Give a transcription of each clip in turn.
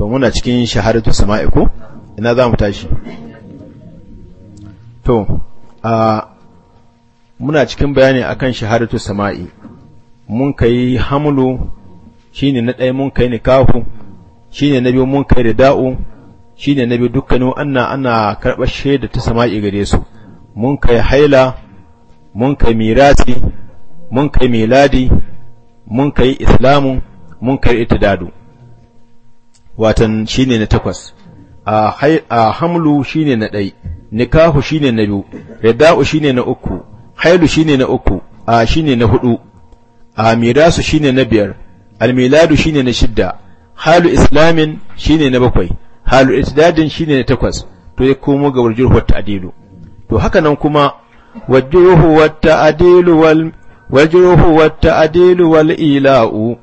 to muna cikin shaharatu sama'i ko ina za mu tashi to a muna cikin bayani akan shaharatu sama'i mun kai hamlu shine na ɗaya mun kai nikahu shine na biyu mun kai rida'u shine na biyu dukkanin anna ana karɓar shaida ta sama'i gare su mun kai haila mun kai mirasi mun kai miladi mun kai islamu mun kai itidadu watan shine na takwas a hamlu shine na ɗai nikahu shine na biyu rida'u shine na uku hailu shine na uku a shine na hudu a mirasu shine na biyar almiladu shine na shidda halu islamin shine na bakwai halu itidadin shine na takwas to ya komo ga wajir wata adilu to haka nan kuma wajir wata adilu wal wajuhu wata adilu wal ila'u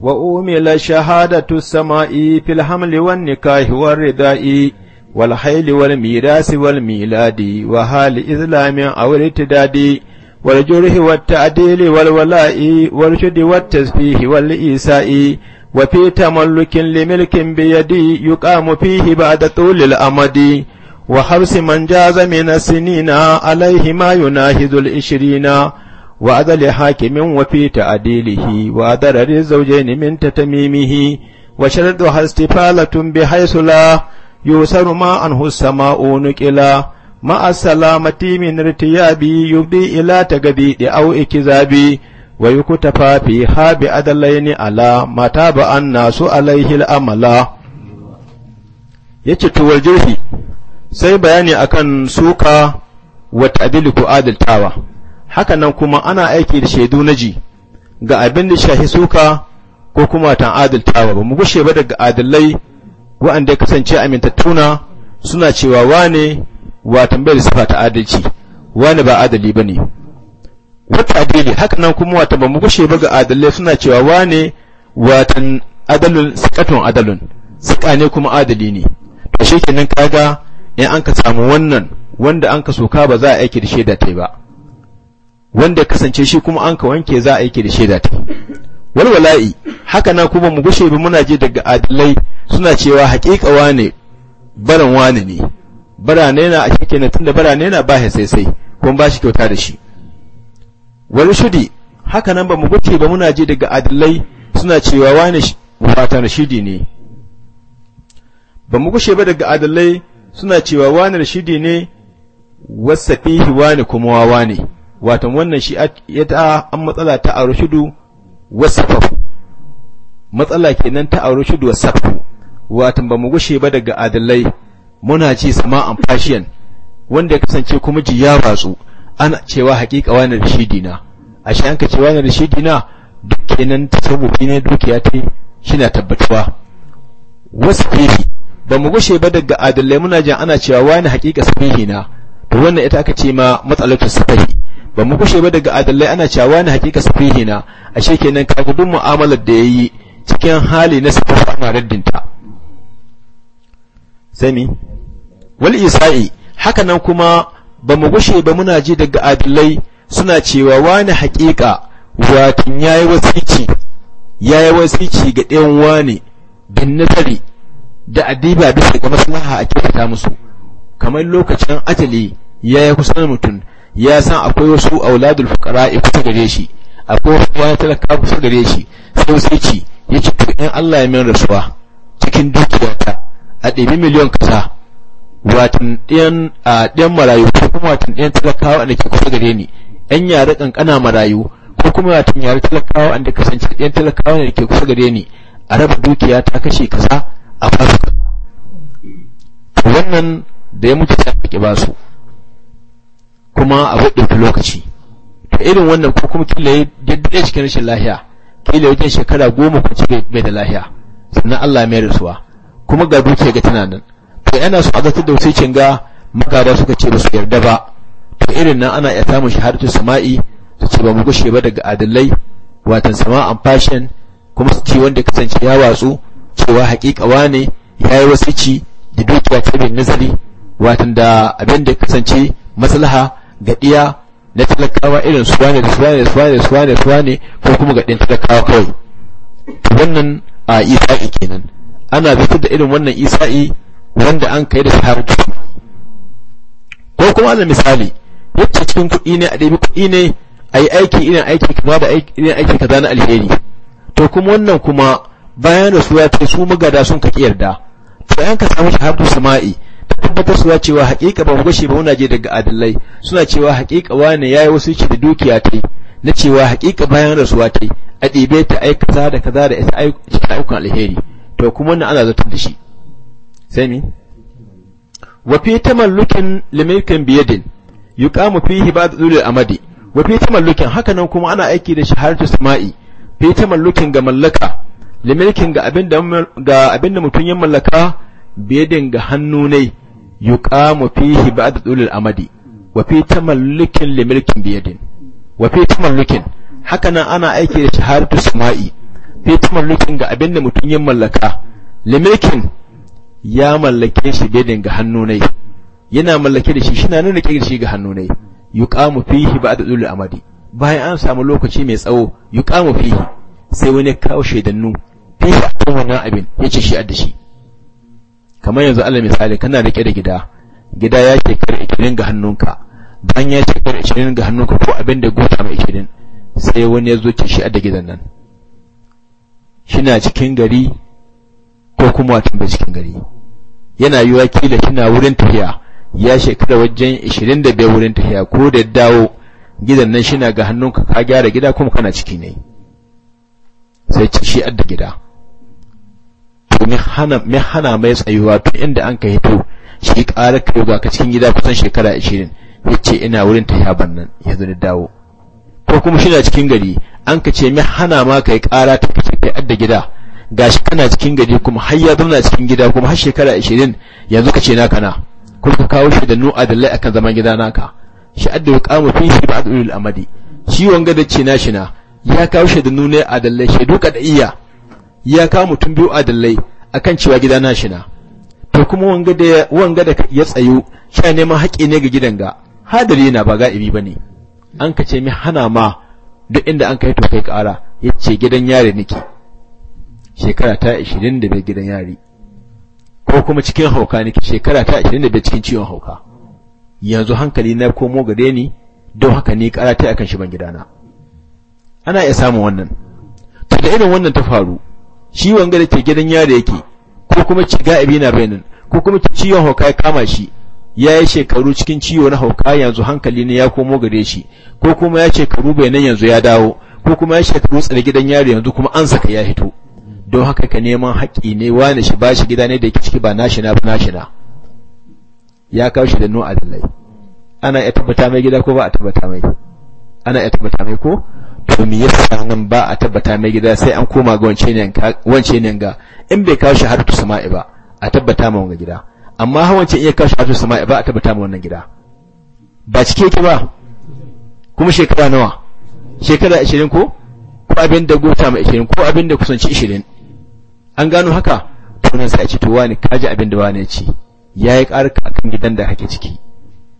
وأُمِل شهادة السماء في الحمل والنكاح والرداء والحيل والميراث والميلاد وحال إسلام أو الارتداد والجرح والتعديل والولاء والشد والتسبيح والإيساء وفي تملك لملك بيدي يقام فيه بعد طول الأمد وحبس من جاز من السنين عليه ما يناهز العشرين wa azali hakimin wa fi ta'dilihi wa darari zawjayn min tatamimihi wa sharadu hastifalatun bi haythu la yusaru ma anhu as-sama'u nuqila ma as-salamati min irtiyabi yubdi ila tagadidi aw ikizabi wa yukutafa fi ha bi adalaini ala mata ba anna su amala. al'amala yace tuwal jirhi sai bayani akan suka wa ta'dilu adaltawa haka nan kuma ana aiki da shaidu na ji ga abin da shahi suka ko kuma ta adaltawa ba mu gushe ba daga adalai waɗanda ya kasance amintattuna suna cewa wane wa tambayar sifa ta adalci wane ba adali ba ne wata adali haka nan kuma wata ba mu gushe ba ga adalai suna cewa wane watan adalun sikatun adalun sika ne kuma adali ne to shi kenan kaga in an ka samu wannan wanda an ka soka ba za a aiki da shaida ta ba wanda kasance shi kuma an ka wanke za a yake da shaida ta walwala'i haka na kuma mu gushe ba muna je daga adalai suna cewa haƙiƙa wane baran wane ne barane na a kenan tunda barane na ba sai sai kuma ba shi kyauta da shi wani shudi haka nan ba mu gushe ba muna je daga adalai suna cewa wani watan shidi ne ba mu gushe ba daga adalai suna cewa wani shidi ne wasa fihi wani kuma wane ne watan wannan shi ya ta an matsala ta a rushudu wasafafu matsala kenan ta a rushudu wasafafu watan ba mu gushe ba daga adalai muna sama an fashiyan wanda ya kasance kuma ji ya batsu. ana cewa hakika wani rashidi na shi an ka ce wani rashidi na duk kenan sabobi ne dukiya ta shi na tabbatuwa wasu fifi ba mu gushe ba daga adalai muna jan ana cewa wani hakika sahihi na to wannan ita aka ce ma matsalatu sahihi ba mu kushe ba daga adalai ana cewa na hakika safihi na ashe kenan ka gudun mu'amalar da yayi cikin hali na su ana raddinta sami wal isa'i haka nan kuma ba mu gushe ba muna ji daga adalai suna cewa wani hakika watan yayi wasici yayi wasici ga ɗayan wani bin nazari da adiba bisa ga maslaha a kyautata musu kamar lokacin ajali yayi kusan mutum ya san akwai wasu auladul fuqara kusa gare shi akwai wasu wani talaka kusa gare shi sai sai ci yace to in Allah ya min rasuwa cikin dukiyata a ɗebi miliyon kasa watan ɗayan a ɗayan marayu ko kuma watan ɗayan talakawa wanda ke kusa gare ni ɗan yare ƙanƙana marayu ko kuma watan yare talakawa wanda kasance ɗayan talakawa wanda ke kusa gare ni a raba dukiya ta kashe kasa a fasu wannan da ya mutu ta ba su kuma abu ɗauki lokaci ta irin wannan ko kuma kila ya daɗe cikin rashin lahiya kila wajen shekara goma ko ci bai da lahiya sannan Allah mai rasuwa kuma ga dukiya ga tana nan to yana so a zartar da wasicin ga magada suka ce ba su yarda ba to irin nan ana iya samun shahadatu sama'i su ce ba mu gushe ba daga adalai watan sama'an fashin kuma su ce wanda kasance ya watsu cewa hakika ne ya yi wasu ci da dukiya ta bin nazari watan da abin da kasance maslaha gaɗiya na talakawa irin su wane da su wane da su wane da su wane da su wane ko kuma ga talakawa kawai wannan a isa'i kenan ana fitar da irin wannan isa'i wanda an kai da sahabu ko kuma da misali yadda cikin kuɗi ne a ɗabi kuɗi ne a yi aiki irin aiki kama da irin aiki kaza na alheri to kuma wannan kuma bayan da su ya ce su magada sun ka yarda to an ka samu shahabu sama'i tabbatar tabbatarwa cewa haƙiƙa ba mu gashe ba muna je daga adalai suna cewa haƙiƙa wane yi wasu da dukiya ta yi na cewa haƙiƙa bayan rasuwa ta a ɗibe ta ai kaza da kaza da ita aikun alheri to kuma wannan ana zartar da shi sai mi wa fi mallukin limilkin biyadin fi fihi ba dhulul amadi wa fi tamallukin haka nan kuma ana aiki da ta sama'i fi ta mallukin ga mallaka limirkin ga abinda da mutum mutun ya mallaka biyadin ga hannu ne yuqamu fihi ba'd dulul amadi wa fi tamallukin li milkin biyadin wa fi tamallukin haka nan ana aiki da shahadatu sama'i fi tamallukin ga abin da mutum ya mallaka li milkin ya mallake shi biyadin ga hannunai yana mallake da shi shi na nuna shi ga hannunai yuqamu fihi ba'd dulul amadi bayan an samu lokaci mai tsawo yuqamu fihi sai wani kawo shaidannu fihi akan wannan abin ya ce shi adda shi kamar yanzu Allah misali kana rike da gida gida ya ce kar 20 ga hannunka dan ya ce kar 20 ga hannunka ko abin da gota mai 20 sai wani ya zo ce shi a da gidan nan shina cikin gari ko kuma tun ba cikin gari yana yiwa kila kina wurin tafiya ya shekara wajen 25 wurin tafiya ko da dawo gidan nan shina ga hannunka ka gyara gida kuma kana ciki ne sai ci shi a da gida abu min hana mai tsayuwa tun inda an ka hito shi ƙara ka yoga ka cikin gida kusan shekara ashirin yace ina wurin ta yaban nan yanzu da dawo ko kuma shi na cikin gari an ka ce min hana ma ka yi ƙara ta kace kai adda gida gashi kana cikin gari kuma har ya zauna cikin gida kuma har shekara ashirin yanzu ka ce naka na kuma ka kawo shi da nu da lai akan zaman gida naka shi adda ya kama fi shi ba'ad ulul amadi ciwon gada ce na shi na ya kawo shi da nu nuna adalai da iya. ya kawo mutum biyu adalai kan cewa gida na shi na to kuma wanga da ya tsayo sha neman haƙi ne ga gidan ga hadari yana ba ga'ibi ne an ka ce mi hana ma duk inda an kai to kai ƙara Ya ce gidan yare niki shekara ta ishirin da bai gidan yare ko kuma cikin hauka niki shekara ta ishirin da bai cikin ciwon hauka yanzu hankali na komo gare ni don haka ni ƙara ta akan shi ban gidana ana iya samun wannan to da irin wannan ta faru shi wanga da ke gidan yare yake ko kuma ci ga'ibi na nan ko kuma ciwon hauka ya kama shi ya yi shekaru cikin ciwo na hauka yanzu hankali ne ya komo gare shi ko kuma ya shekaru nan yanzu ya dawo ko kuma ya shekaru tsare gidan yare yanzu kuma an saka ya hito don haka ka neman haƙƙi ne wani shi bashi gida ne da yake ciki ba nashi na ba nashi na ya kawo shi da nu adalai ana iya tabbata mai gida ko ba a tabbata mai ana iya tabbata mai ko to me yasa nan ba a tabbata mai gida sai an koma ga wance ne ga in bai kawo shahadatu sama'i ba a tabbata ma wannan gida amma ha wance iya kawo shahadatu sama'i ba a tabbata ma wannan gida ba cike ki ba kuma shekara nawa shekara 20 ko ko abin da gota ma 20 ko abin da kusanci 20 an gano haka to nan sai a ce to wani kaji abin da wani ya yi yayi karka akan gidan da kake ciki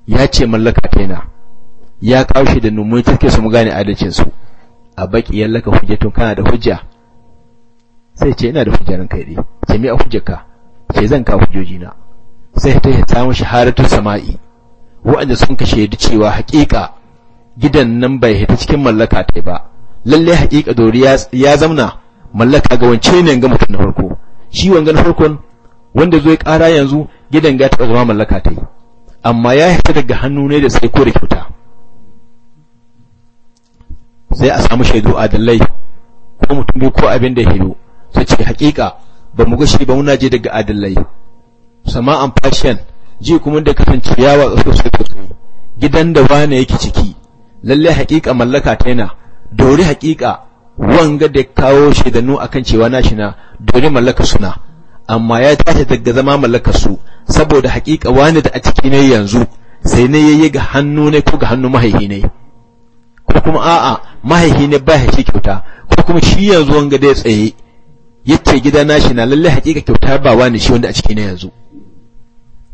ya ce mallaka kaina ya kawo shi da numuni take su mu gane adalcin su a baki yallaka hujjatun kana da hujja sai ce ina da hujjarin kai dai ce me a hujjarka ce zan ka hujjoji na sai ta samu shaharatu sama'i wa'anda sun kashe shaidu cewa haƙiƙa gidan nan bai hita cikin mallaka ta ba lalle haƙiƙa dori ya zamna mallaka ga wance ne ga mutum na farko shi wangan farkon wanda zo ya ƙara yanzu gidan ga ta zama mallaka ta yi amma ya hita daga hannu ne da sai ko da kyauta sai a samu shaidu adalai ko mutum biyu ko abin da hidu su ce hakika ba mu gashi ba muna je daga adalai sama an fashiyan ji kuma da kasance yawa sosai sosai gidan da wane yake ciki lallai hakika mallaka ta yana dori hakika wanga da kawo shaidanu akan cewa nashi na dori mallaka suna amma ya tashi daga zama mallakar su saboda hakika wani da a ciki ne yanzu sai ne yayi ga hannu ne ko ga hannu mahaihi ne ko kuma a'a mahaifi ne ba shi kyauta ko kuma shi yanzu wanga dai tsaye yace gida na shi na lalle hakika kyauta ba wani shi wanda a ciki ne yanzu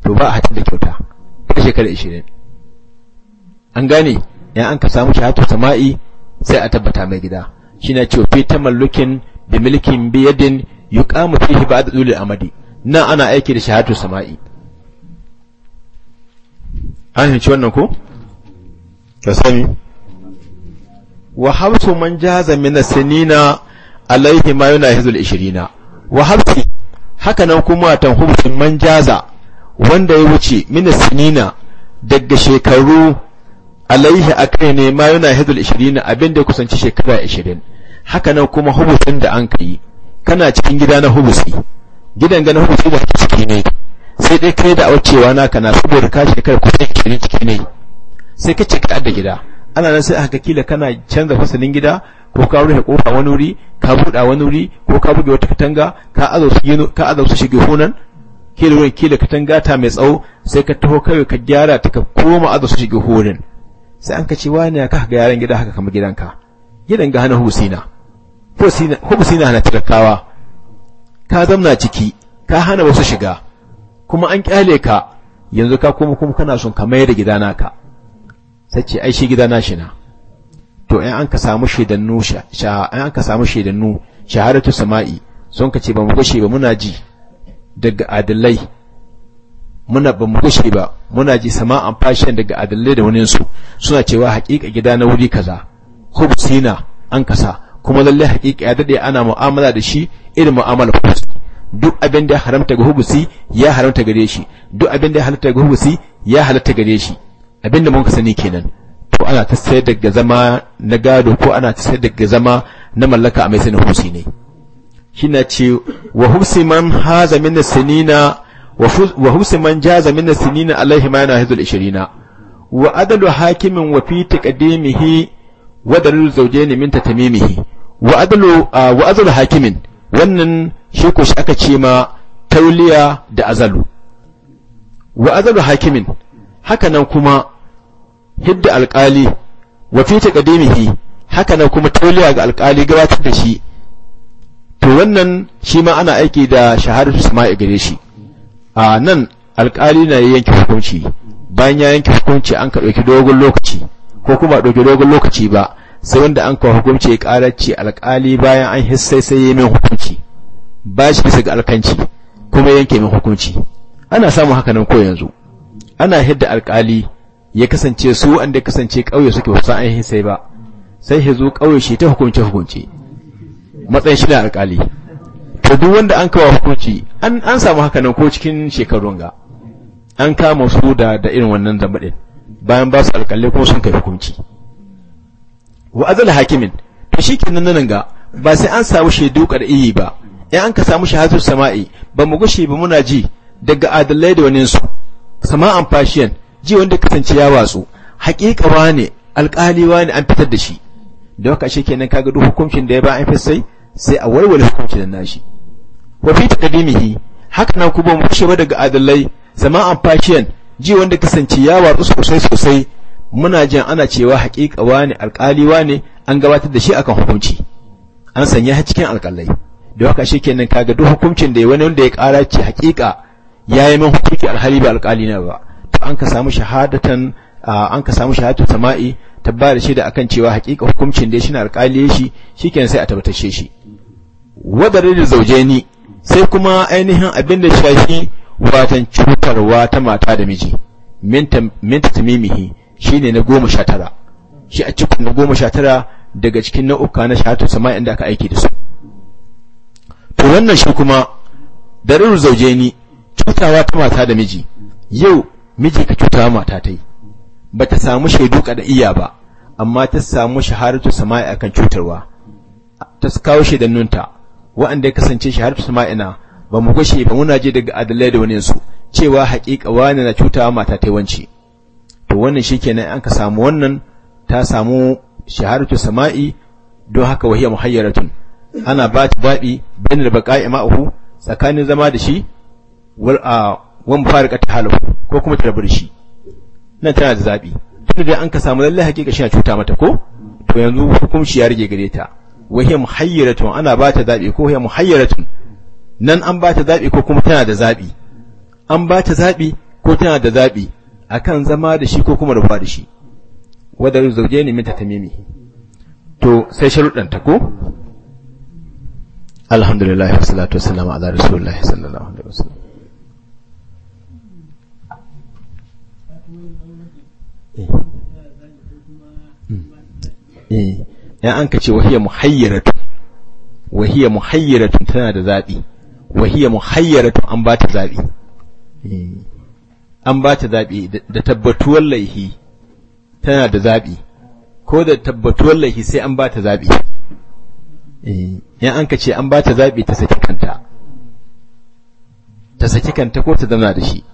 to ba a haɗu da kyauta ta shekara 20 an gane ya an ka samu shahatu sama'i sai a tabbata mai gida shi na cewa fi ta mallukin da milkin biyadin yuqamu fihi ba'd dul amadi na ana aiki da shahatu sama'i an hinci wannan ko ka sani wa habsu man jaza min as-sinina alaihi ma yunahizu hizul 20 wa habsi haka nan kuma hubsin man jaza wanda ya wuce min as-sinina daga shekaru alaihi akai ne ma yunahizu al-20 abinda kusanci shekara 20 haka nan kuma hubusin da an kai kana cikin gida na hubusi gidan ga hubsi ba da ciki ne sai dai kai da aucewa naka na saboda ka shekara kusan 20 ciki ne sai ka cika da gida ana nan sai aka kila kana canza fasalin gida ko ka rufe kofa wani wuri ka buɗa wani wuri ko ka buge wata katanga ka aza su gino ka aza su shige honan kila wurin kila katanga ta mai tsawo sai ka taho kai ka gyara ta ka koma aza su shige honan sai an ka ce wani ka ga yaran gida haka kama gidanka gidan ga hana husina husina na tirakawa ka zamna ciki ka hana wasu shiga kuma an kyale ka yanzu ka koma kuma kana son ka mayar da gidana ka ta ce ai shi gida na shi na to in an ka samu shaidannu an ka samu shaidannu shahadatu sama'i sun ka ce ba mu gushe ba muna ji daga adalai muna ba mu gushe ba muna ji sama'an fashin daga adalai da wani su suna cewa haƙiƙa gida na wuri kaza hubsina an kasa kuma lalle haƙiƙa ya dade ana mu'amala da shi irin mu'amala hubsi duk abin da haramta ga hubusi ya haramta gare shi duk abin da halatta ga hubusi ya halatta gare shi abinda mun sani kenan to ana ta sayar daga zama na gado ko ana ta sayar daga zama na mallaka a mai husi ne na ce wa husi man haza min na wa husi man jaza min sinina alaihi ma yana hizul 20 wa adalu hakimin wa fi taqdimihi wa dalil zawjaini min tatamimihi wa adalu wa adalu hakimin wannan shi ko shi aka ce ma tauliya da azalu wa azalu hakimin haka nan kuma hidda alƙali wa fi taqdimihi haka na kuma toliya ga alƙali gabatar da shi to wannan shi ma ana aiki da shahadatu sama'i gare shi a nan alƙali na yanke hukunci bayan ya yanke hukunci an ka ɗauki dogon lokaci ko kuma ɗauki dogon lokaci ba sai wanda an ka hukunci ya ƙararci alƙali bayan an hissai sai ya min hukunci ba shi bisa ga alkanci kuma yanke min hukunci ana samun haka nan ko yanzu ana hidda alƙali ya kasance su wanda kasance ƙauye suke wasu ainihin sai ba sai ya zo ƙauye shi ta hukunce hukunce matsayin shi da alƙali to duk wanda an kawo hukunci an an samu haka nan ko cikin shekarun ga an kama su da da irin wannan zamba din bayan ba su alƙalle ko sun kai hukunci wa azal hakimin to shikenan nan ga ba sai an samu shaidu iyi ba in an ka samu shahadatu sama'i ba mu gushe ba muna ji daga adalai da waninsu su sama'an fashiyan ji wanda kasance ya watsu haƙiƙa ne alƙali ne an fitar da shi da haka shi kenan kaga duk hukuncin da ya ba an fi sai sai a walwale hukuncin da nashi wa fi taqdimihi haka na kuma mu shiga daga adalai zama an fashiyan ji wanda kasance ya watsu sosai sosai muna jin ana cewa haƙiƙa ne alƙali ne an gabatar da shi akan hukunci an sanya cikin alƙalai da haka shi kenan kaga duk hukuncin da ya wani wanda ya ƙara ce haƙiƙa ya yi min hukunci alhali ba alƙali na ba an ka samu shahadatan an ka samu shahadatu sama'i tabbara shi da akan cewa haƙiƙa hukuncin da shi na alƙali shi shikenan sai a tabbatashe shi wadare da zaujeni sai kuma ainihin abin da shafi watan cutarwa ta mata da miji minta tamimihi shine na goma sha tara shi a cikin na goma sha tara daga cikin nau'uka na shahadatu sama'i inda aka aiki da su to wannan shi kuma darir zaujeni cutawa ta mata da miji yau miji ka cuta mata ta ba ta samu shaidu da iya ba amma ta samu shaharatu sama'i akan cutarwa ta kawo shaidannunta wa'anda ya kasance shaharatu na ba mu gushe ba muna je daga adalai da wani su cewa haƙiƙa wani na cuta mata ta wanci to wannan shikenan an ka samu wannan ta samu shaharatu sama'i don haka wahiya muhayyaratun ana ba ta babi bainal baƙa'i ma'ahu tsakanin zama da shi wal wa ta tahalu ko kuma ta rabu shi nan tana da zaɓi tun da an ka samu lalle hakika shi cuta mata ko to yanzu hukumshi ya rage gare ta wa hiya tun ana ba ta zaɓi ko hiya tun. nan an ba ta zaɓi ko kuma tana da zaɓi an ba ta zaɓi ko tana da a akan zama da shi ko kuma rufa da shi wadda zauje ne minta tamimi to sai sharuɗan ta ko alhamdulillah wassalatu wassalamu ala rasulillahi sallallahu alaihi wasallam ya eh, an ka ce wahiyar muhayyaratu wahiyar muhayyaratu tana da zaɓi wahiyar muhayyaratu an ba ta zaɓi eh, an ba ta zaɓi da tabbatuwar laihi tana da zaɓi ko da tabbatuwar laihi sai an ba ta zaɓi ya eh, an ka ce an ba ta zaɓi ta saki kanta ta saki kanta ko ta zama da shi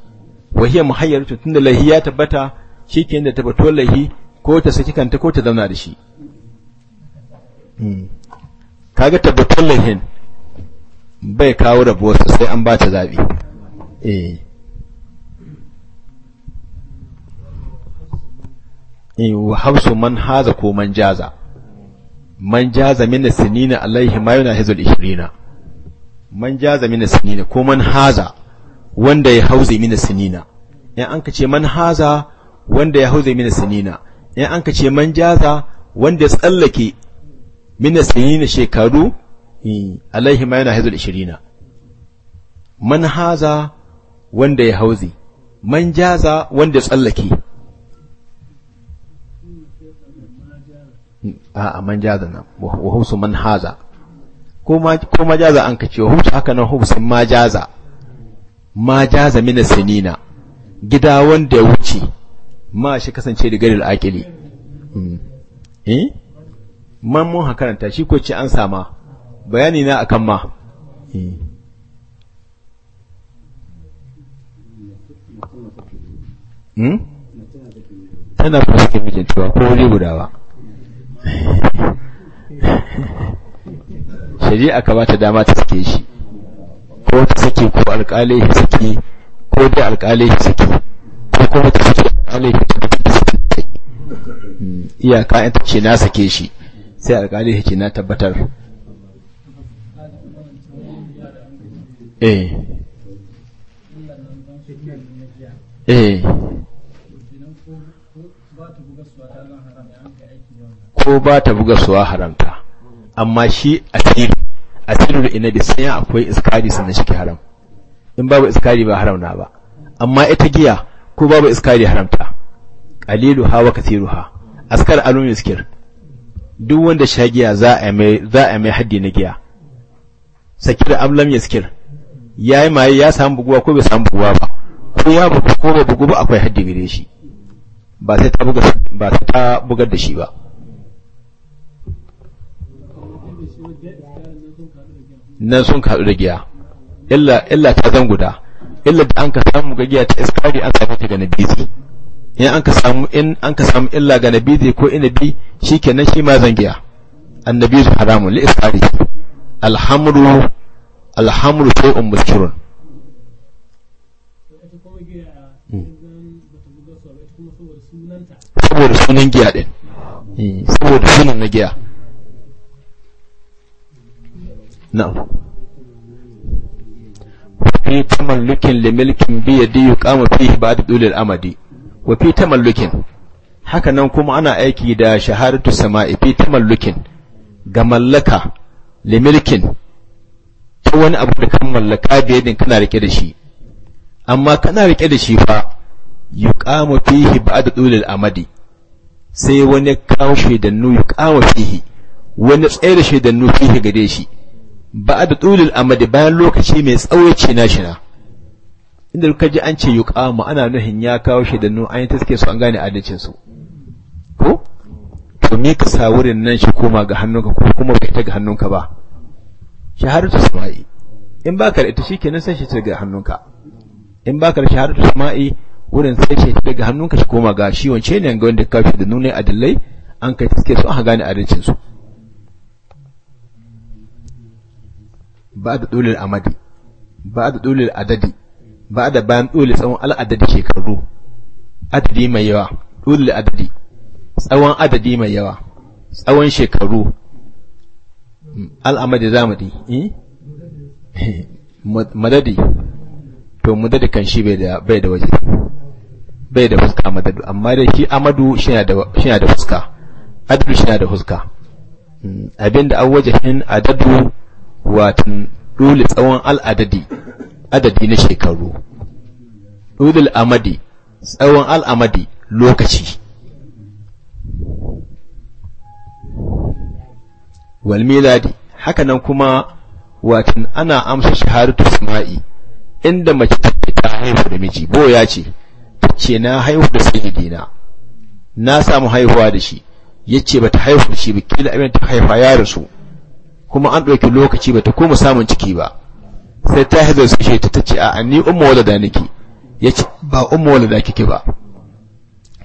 wahiyar muhayyaratu tun da laihi ya tabbata shi ke da ta batuwar lahi ko ta saki kanta ko ta zauna da shi hmm. kaga tabbatuwar lahin bai kawo rabuwarsa sai an ba ta zaɓi eh. Eh, wa hausu man haza ko man jaza man jaza min sinina alaihi ma yana hizul ishirina man jaza min sinina ko man haza wanda ya hauze min sinina in an ka ce man haza wanda ya hauze mina sanina in an ka ce man jaza wanda tsallake mina sanina shekaru alaihi ma yana haizul ishirina man haza wanda ya hauze man jaza wanda tsallake a'a man jaza na wa hausu man haza ko ma jaza an ka ce wa hausu haka nan hausu ma jaza ma jaza mina sinina gida wanda ya wuce ma shi kasance da garil aqili hmm. eh man mun hakaranta shi ko ce an sama bayani na akan ma eh. hmm? tana fuske mijinta ko wuri guda ba shari'a ka ba ta dama ta suke shi ko ta suke ko alƙalai ya ko da alƙalai ya kuma ta fito alaihi hmm, iyaka ita ce na sake shi sai alƙali ya ce na tabbatar eh. eh ko ba ta buga suwa haramta amma shi asiru asiru da ina da sanya akwai iskari sannan shi haram in babu iskari ba haram na ba amma ita giya ko babu da haramta qalilu hawa wa kathiruha askar alum yaskir duk wanda shagiya za a mai za a mai haddi na giya sakir ablam yaskir yayi maye ya samu buguwa ko bai samu buguwa ba ko ya bugu ko ba bugu ba akwai haddi gare shi ba sai ta buga ba sai ta bugar da shi ba nan sun kaɗu da giya illa ta zan guda illa da an ka samu ga giya ta iskari an samu ta ga nabizi in an ka samu in an ka samu illa ga nabizi ko inabi shikenan shi ma zangiya annabizu haramun li iskari alhamru alhamru shay'un muskirun saboda sunan giya din eh, saboda sunan na giya na'am fi tamallukin limilkin biyadi yuqamu fihi wa fi tamallukin kuma ana aiki da shaharatu sama'i fi tamallukin ga mallaka limilkin ta wani abu da kan mallaka biyadin kana rike da shi amma kana rike da shi fa yuqamu fihi ba'da dulil amadi sai wani kawo shaidannu yuqamu fihi wani tsayar shaidannu fihi gade shi ba da tsulil amadi bayan lokaci mai tsawace na shina inda kuka ji an ce kama ana nuhin ya kawo shi da an yi suke su an gane adalcin su ko to me ka sa wurin nan shi koma ga hannunka ko kuma ka ta ga hannunka ba shahadatu sama'i in ka da ita shikenan sai shi ta ga hannunka in ba ka da shahadatu sama'i wurin sai shi ta ga hannunka shi koma ga shi wance ne ga wanda ka kawo shi da nuna adalai an kai suke su an gane adalcin su ba da dulil amadi ba da dulil adadi ba da bayan dulil tsawon al'adadi shekaru adadi mai yawa dulil adadi tsawon adadi mai yawa tsawon shekaru al'amadi zamadi eh? madadi to madadi kan shi bai da waje bai da fuska madadu amma dai shi amadu shi na da fuska adadu shi na da fuska hmm, abinda an wajahin adadu wato dole tsawon al'adadi adadi na shekaru dole amadi tsawon al'amadi lokaci wal miladi hakanan kuma wato ana amsa shahadatu sama'i inda mace ta ta haihu da miji boya ce ce na haihu da dina na samu haihuwa da shi yace bata haihu shi ba kila abin ta haifa ya rasu kuma an ɗauki lokaci ba ta koma samun ciki ba sai ta hazo su ce ta ce a ni umma da niki ya ce ba umma da kike ba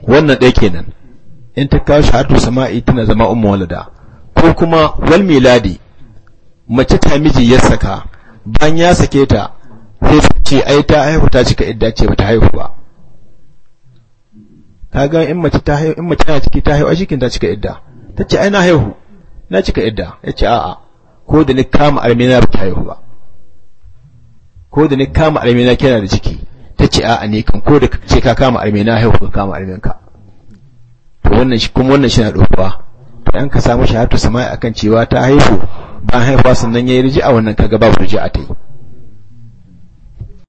wannan ɗaya kenan in ta kawo shahadu sama'i tana zama umma da ko kuma wal miladi mace ta miji ya saka bayan ya sake ta sai ta ce ai ta haihu ta cika idda ce bata haihu ba ta ga in mace ta haihu in mace ta ciki ta haihu a cikin ta cika idda ta ce ai na haihu na cika idda ya ce a'a ko da ni kama armina ba ta yi ba ko da ni kama armina kina da ciki ta ce a'a ne kan ko da ce ka kama armina haihu ka kama arminka to wannan shi kuma wannan shi na dokuwa to an ka samu shahatu sama'i akan cewa ta haihu ba haihuwa sannan ya yi riji wannan kaga babu riji a ta yi